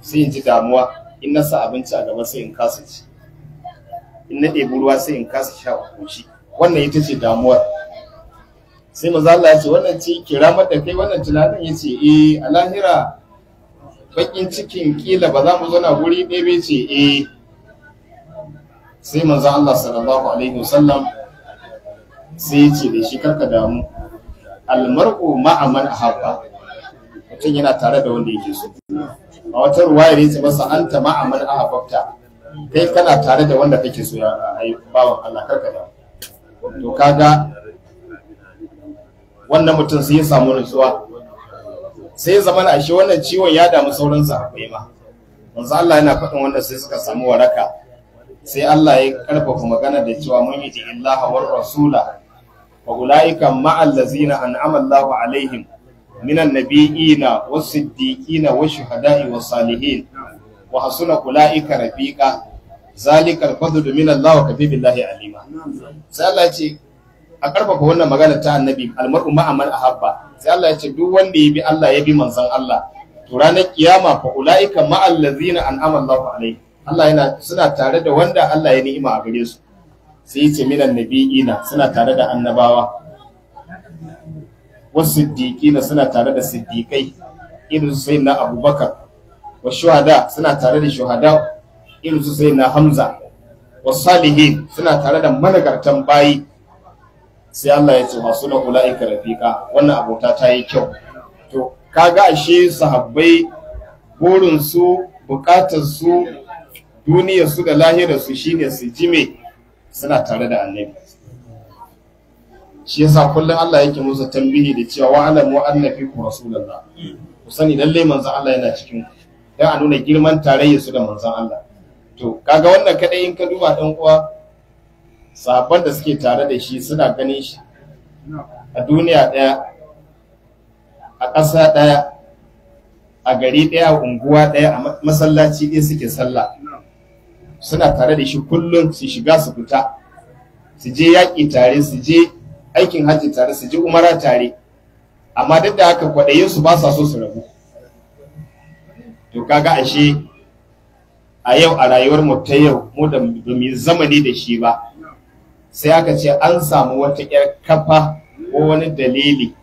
sai in ji damuwa in na sa abinci a gaba sai in kasa ci in na ɗebi ruwa sai in kasa sha kushi wannan ita ce damuwar sai maza Allah ya ce wannan ce kira mata kai wannan tunanin ya ce eh a lahira bakin cikin kila ba za mu zana guri ɗaya bai ce eh sai maza Allah sallallahu alaihi wasallam sai ya ce da shi karka damu almar'u ma'aman man ahabba mutum yana tare da wanda yake so a wata ruwaya ne ce masa an ta ma'amal a habbabta kai kana tare da wanda kake so ya bawan Allah karka da to kaga wannan mutum sai ya samu nutsuwa sai ya zama ashe wannan ciwon ya damu sauran sahabbai ma manzo Allah yana faɗin wanda sai suka samu waraka sai Allah ya karfafa magana da cewa mun yi illaha war rasula wa ulaika ma'al ladzina an'ama Allahu alaihim من النبيين والصديقين والشهداء والصالحين وحسن أولئك رفيقا ذلك الفضل من الله وكفي بالله عليما sai Allah ya ce a karfafa wannan magana ta annabi almar'u ma amal ahabba sai Allah ya ce duk wanda ya bi Allah ya bi manzon Allah to ranar kiyama fa ulaika ma allazina an'ama Allahu alaihi Allah yana suna tare da wanda Allah ya ni'ima a gare su sai ya ce minan nabiyina suna tare da annabawa wasu na suna tare da siddiƙai irin su sai na abubakar wa shuhada suna tare da shuhada irin su sai na hamza wa salihin suna tare da managartan bayi sai Allah ya tsoha suna na ula'ika rafiƙa wannan abota ta yi kyau to kaga ashe sahabbai burin su bukatar su duniyar su da lahirar su shine su jime suna tare da annabi shi yasa kullum Allah yake musu tambihi da cewa wa alamu anna ku rasulullah ku sani lalle manzon Allah yana cikin ku dan a nuna girman tarayyar su da manzon Allah to kaga wannan kadai in ka duba dan uwa sabon da suke tare da shi suna ganin shi a duniya daya a ƙasa daya a gari daya a unguwa daya a masallaci ɗaya suke sallah suna tare da shi kullum su shiga su fita su je yaƙi tare su je aikin hajji tare su ji umara tare amma duk da haka kwaɗayin su ba sa so su rabu to kaga ashe a yau a rayuwar mu ta yau mu da mu zamani da shi ba sai aka ce an samu wata yar kafa ko wani dalili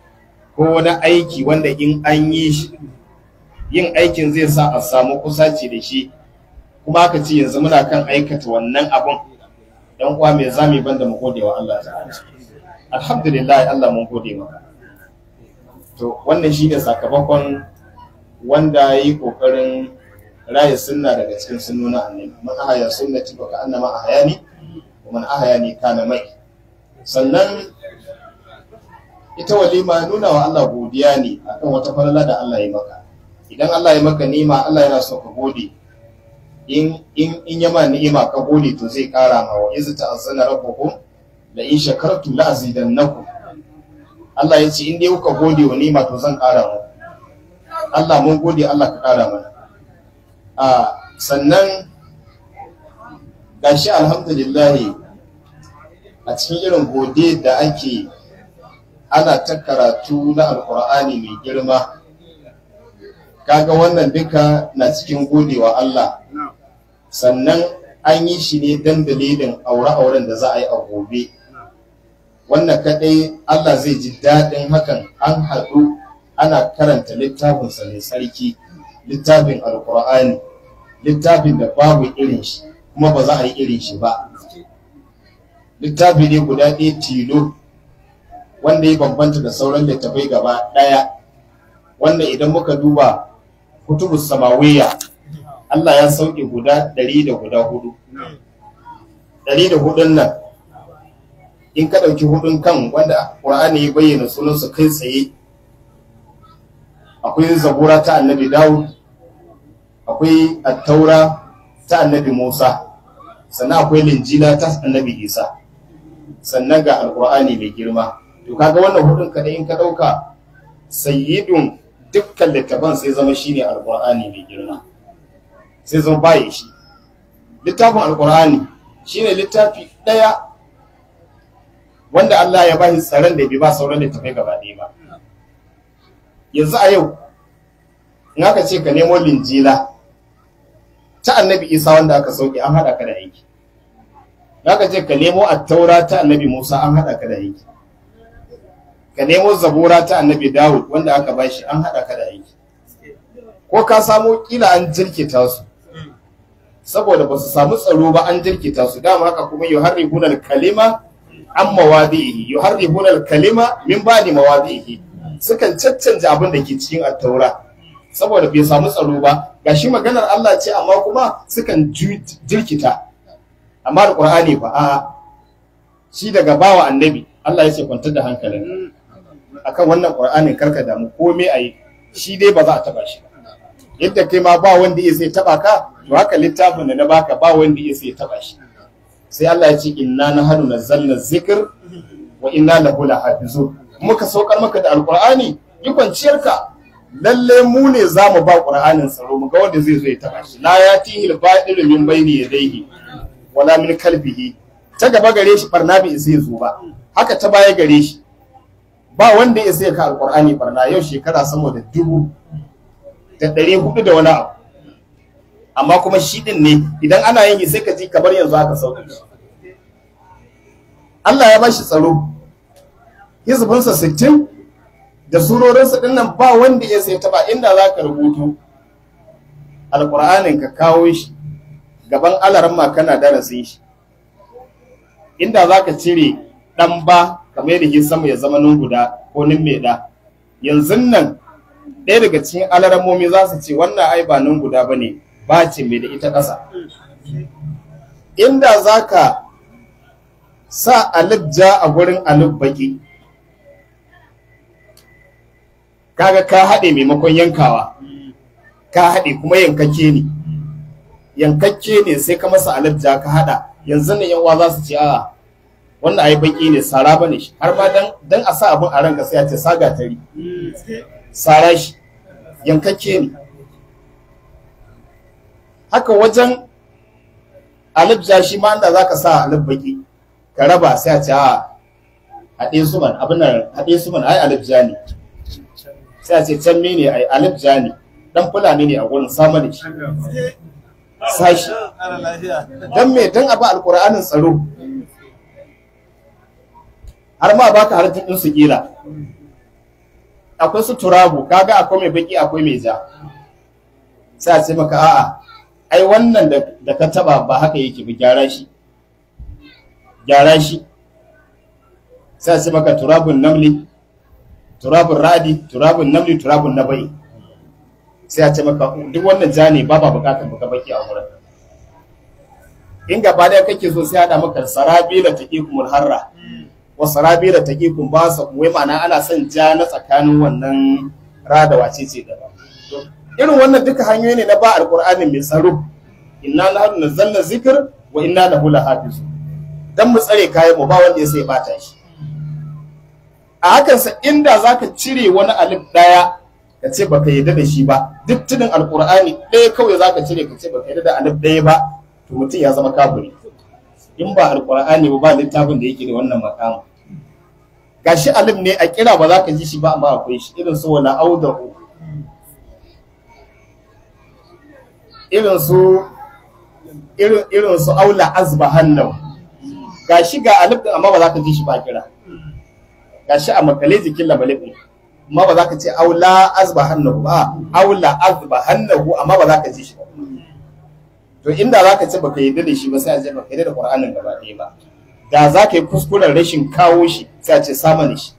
ko wani aiki wanda in an yi yin aikin zai sa a samu kusaci da shi kuma aka ce yanzu muna kan aikata wannan abun dan uwa me zamu yi banda mu gode wa Allah ta'ala alhamdulillah Allah mun gode maka to wannan shine sakamakon wanda yayi kokarin raye sunna daga cikin sunnuna annabi man ahaya sunnati fa ka annama ahayani wa man ahayani kana mai sannan ita walima nuna wa Allah godiya ne akan wata falala da Allah ya maka idan Allah ya maka ni'ima Allah yana so ka gode in in in yama ni'ima ka gode to zai kara ma wa iz ta'azzana rabbukum la in shakartu la azidannakum Allah ya ce in dai kuka gode wa nima to zan ƙara mu Allah mun gode Allah ka ƙara mana a sannan gashi alhamdulillah a cikin irin gode da ake ana ta karatu na alkur'ani mai girma kaga wannan duka na cikin godewa Allah sannan an yi shi ne don dalilin aure-auren da za a yi a gobe wannan kadai Allah zai ji daɗin hakan an haɗu ana karanta littafin mai sarki littafin alkur'ani littafin da babu irin shi kuma ba za a yi irin shi ba littafi ne guda ɗaya tilo wanda ya bambanta da sauran littafai gaba ɗaya wanda idan muka duba kutubus samawiya Allah ya sauke guda ɗari da guda hudu ɗari da hudun nan in ka ɗauki hudun kan wanda ƙur'ani ya bayyana sunansu kai tsaye akwai zabura ta annabi dawud akwai attaura ta annabi musa sannan akwai linjila ta annabi isa sannan ga alƙur'ani mai girma to kaga wannan hudun kaɗai in ka ɗauka sayyidun dukkan littafan sai zama shine alƙur'ani mai girma sai zama baya shi littafin alƙur'ani shine littafi ɗaya wanda Allah ya bashi tsaron da bai ba sauran da littafai gaba ɗaya ba yanzu a yau in aka ce ka nemo linjila ta annabi isa wanda aka sauke an haɗa ka da aiki in aka ce ka nemo attaura ta annabi musa an haɗa ka da aiki ka nemo zabura ta annabi dawud wanda aka bashi an haɗa ka da aiki ko ka samo kila an jirkita su saboda ba su samu tsaro ba an jirkita su dama haka kuma yuharribuna kalima an mawadihi yuharribuna al-kalima min ba'di mawadihi sukan caccanja abin da ke cikin at-taura saboda bai samu tsaro ba gashi maganar Allah ce amma kuma sukan jirkita amma alqur'ani ba a shi daga bawa annabi Allah ya ce kwantar da hankalin akan wannan qur'anin karka damu komai ayi shi dai ba za a taba shi yadda kai ma ba wanda ya sai taba ka to haka littafin da na baka ba wanda ya sai taba shi sai Allah ya ce inna na zanna zikir wa inna hula hafizu muka saukar maka da alqur'ani yi ka. lalle mu ne za mu ba qur'anin tsaro mu ga wanda zai zo ya taba shi la yatihi al-ba'ilu min bayni yadayhi wala min kalbihi ta gaba gare shi barna bai zai zo ba haka ta baya gare shi ba wanda ya saya ka alqur'ani barna yau shekara sama da dubu da ɗari hudu da wani abu amma kuma shi din ne idan ana yin sai ka ji kamar yanzu aka sauka Allah ya bashi tsaro hizbinsa 60 da surorinsa dinnan ba wanda ya sai taba inda za ka rubutu alƙur'anin ka kawo shi gaban alaramma kana darasin shi inda za ka cire ɗan ba kamar yadda ke sama ya zama nan guda ko nan mai da, yanzu nan ɗaya daga cikin alaramomi za su ce wannan ai ba nan guda ba ne bacin mai da ita ƙasa inda za ka sa ja a gurin alibbaki kaga ka haɗe maimakon yankawa ka haɗe kuma yankakke ne yankakke ne sai ka masa ja ka haɗa yanzu ne yawa za su ce a wannan ai baki ne sara ba ne har ma dan a sa abin a ranka sai ya ce sagatari sara shi yankakke ne haka wajen alif ja shi ma inda zaka sa alif baki ka raba sai a ce a ah, haɗe su man abin nan haɗe su man ai alif ja ne sai a ce can mene ai alif ja ne dan fulani ne a gurin samar shi sashi dan me dan abu alqur'anin tsaro har ma baka harfin din su kila akwai su turabu kaga akwai mai baki akwai mai ja sai a ce maka a'a ai wannan da ka taba ba haka yake ba gyara shi gyara shi sai su maka turabun namli turabun radi turabun namli turabun nabai sai a ce maka duk wannan jani ne ba ba bukatar baka baki a wurin in gaba da kake so sai hada maka sarabila taqikumul harra wa sarabila taqikum ba sa wai ma'ana ana son ja na tsakanin wannan radawa ce ce da ba irin wannan duka hanyoyi ne na ba Alƙur'ani mai tsaro inna nahnu nazzalna zikr wa inna lahu lahafiz dan mu tsare kayan mu ba wanda ya sai bata shi a hakan sa inda zaka cire wani alif daya ka ce baka yarda da shi ba duk tunin Alƙur'ani ɗaya kawai zaka cire ka ce baka yarda da alif ɗaya ba to mutum ya zama kafiri in ba Alƙur'ani ba ba littafin da yake da wannan makama gashi alif ne a kira ba za ka ji shi ba amma akwai shi irin su wala audahu irin su aula azba hannu ga shi ga alif amma ba za ka ji shi ba kira ga shi a makale jikin labalibin amma ba za ka ce aula azba hannu ba aula azba hannu amma ba za ka ji shi ba to inda za ka ce ba ka yi da shi ba sai a ce ka yi da qur'anin gaba ɗaya ba da za ka yi kuskuren rashin kawo shi sai a ce samun shi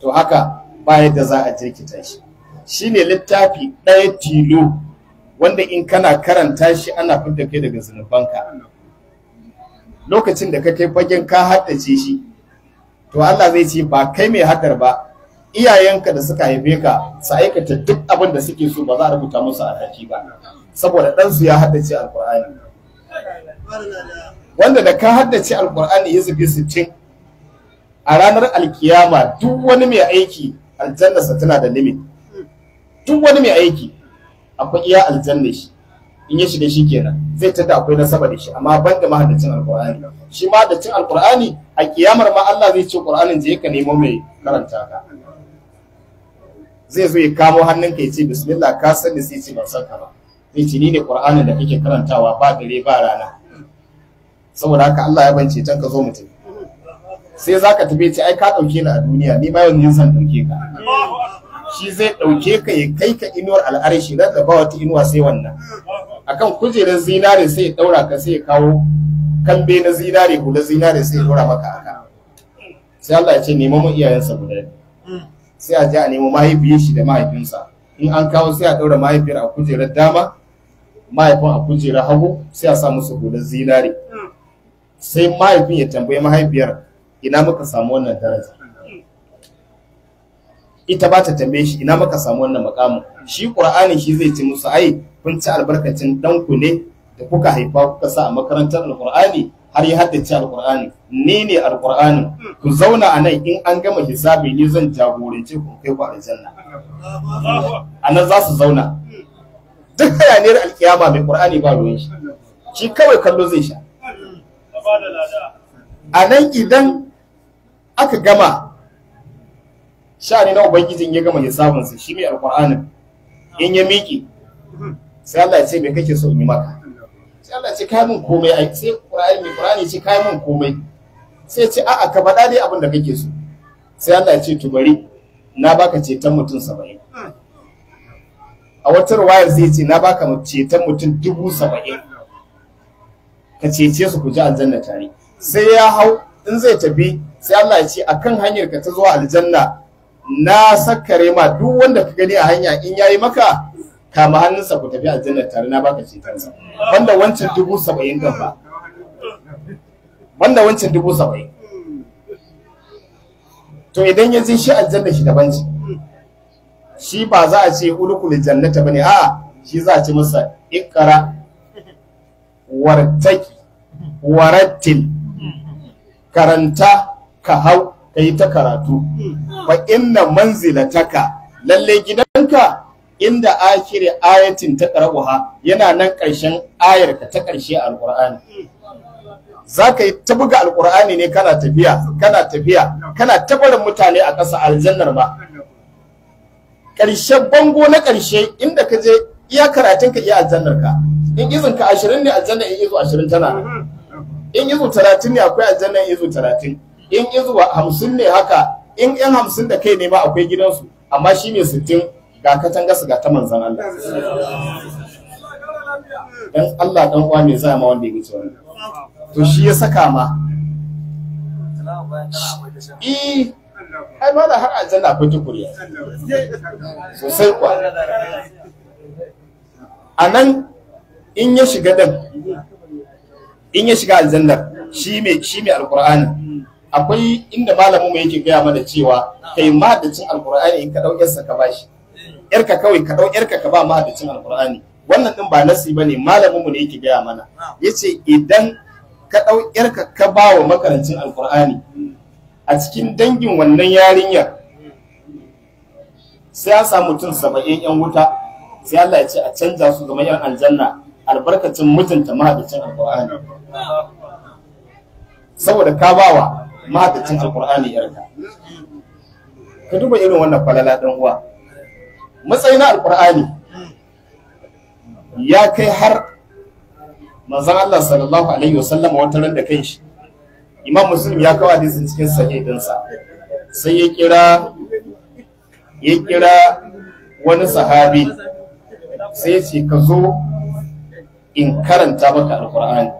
to haka ba yadda za a jirkita shi shine littafi ɗaya tilo wanda in kana karanta shi ana fidda kai daga zunubanka lokacin da ka kai fagen ka haddace shi to Allah zai ce ba kai mai hadar ba iyayenka da suka haife ka su aikata duk abin da suke so ba za a rubuta musu a alhaki ba saboda ɗansu ya haddace alqur'ani wanda da ka haddace alkur'ani ya zubi cin a ranar alkiyama duk wani mai aiki sa tana da limit duk wani mai aiki akwai iya aljanna shi in ya shiga shi kenan zai tada akwai nasaba da shi amma ban da mahaddacin alqur'ani shi mahaddacin alqur'ani a kiyamar ma Allah zai ce qur'anin je ka nemo mai karanta ka zai zo ya kamo hannunka ya ce bismillah ka san da sai ce ban san ka ba zai ce ni ne qur'anin da kake karantawa ba dare ba rana saboda haka Allah ya bance tan ka zo mutum sai zaka tafi ce ai ka dauke ni a duniya ni ba yanzu san dauke ka shi zai ɗauke ka ya kai ka inuwar al'arshi za da ba wata inuwa sai wannan akan kujerar zinare sai ya ɗaura ka sai ya kawo kambe na zinare hula zinare sai ya ɗaura maka aka sai Allah ya ce neman mu iyayensa guda sai a je a nemo mahaifiyar shi da mahaifinsa in an kawo sai a ɗaura mahaifiyar a kujerar dama mahaifin a kujerar hagu sai a sa musu hular zinare sai mahaifin ya tambayi mahaifiyar ina muka samu wannan daraja ita ba ta tambaye shi ina maka samu wannan makamin shi qur'ani shi zai ce musu ai kun ci albarkacin dan ku ne da kuka haifa kuka sa a makarantar alqur'ani har ya haddace alqur'ani ni ne alqur'ani ku zauna a nan in an gama hisabi ni zan jagorance ku kai ku aljanna anan za su zauna duk hayaniyar alkiyama mai qur'ani ba ruwan shi shi kawai kallo zai sha a nan idan aka gama sha'ani na ubangijin ya gama lissafin su shi mai alqur'anin in ya miƙe sai Allah ya ce me kake so in yi maka sai Allah ya ce kai min komai ai sai qur'ani mai qur'ani ce kai min komai sai ya ce a'a ka faɗa dai abin da kake so sai Allah ya ce to bari na baka ceton mutum 70 a wata ruwaya zai ce na baka ceton mutum dubu saba'in ka cece su ku ji aljanna tare sai ya hau in zai tafi sai Allah ya ce akan hanyar ka ta zuwa aljanna na sakkare ma duk wanda ka gani a hanya in yayi maka kama hannunsa ku tafi aljanna tare na baka cetonsa banda wancan dubu saba'in din ba banda wancan dubu saba'in to idan ya je shi aljanna shi daban ce shi ba za a ce ulukul jannata bane a shi za a ce masa ikra wartaki warattil karanta ka hau ka yi ta karatu fa inna manzilataka lalle gidanka inda akhiri ayatin ta karabuha yana nan ƙarshen ayar ka ta ƙarshe alqur'ani alƙur'ani za ka yi ta buga alƙur'ani ne kana tafiya kana tafiya kana tabarin mutane a ƙasa aljannar ba ƙarshen bango na ƙarshe inda ka je iya karatun ka iya aljannar ka in izin ka ashirin ne aljannar in izo ashirin tana in izo talatin ne akwai aljannar in izo talatin in izuwa hamsin ne haka in yan hamsin da kai ne ma akwai gidansu amma shi ne sittin ga katan su ga ta manzan Allah dan Allah dan uwa me zai ma wanda ya cewa to shi ya saka ma i ai ma da har aljanna akwai tukuriya sosai kwa a nan in ya shiga dan in ya shiga aljannar shi mai shi mai alqur'ani akwai inda malamin mu yake gaya mana cewa kai mahadacin alqur'ani in ka dauke sa ka bashi yarka kawai ka dauke yarka ka ba mahadacin alqur'ani wannan din ba nasi bane malamin mu ne yake gaya mana yace idan ka dauke yarka ka ba wa makarancin alqur'ani a cikin dangin wannan yarinyar sai ya samu mutum saba'in yan wuta sai Allah ya ce a canza su zama yan aljanna albarkacin mutunta mahadacin alqur'ani saboda ka bawa mahaddacin alkur'ani yarka ka duba irin wannan falala dan uwa matsayin alqur'ani ya kai har manzon Allah sallallahu alaihi wasallam wata ran da kanshi imam muslim ya kawo hadisin cikin sahih sa sai ya kira ya kira wani sahabi sai ya ce ka zo in karanta maka alqur'ani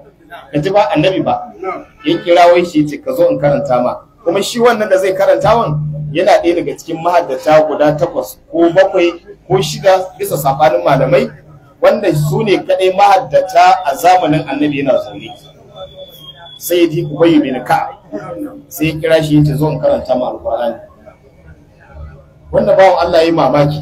ka ji ba annabi ba ya kira wai shi ce ka zo in karanta ma kuma shi wannan da zai karanta wan yana ɗaya daga cikin mahaddata guda takwas ko bakwai ko shida bisa sabanin malamai wanda su ne kaɗai mahaddata a zamanin annabi yana zaune sai ji ubayi bin ka sai kira shi ya ce zo in karanta ma alqur'ani wannan bawan Allah ya yi mamaki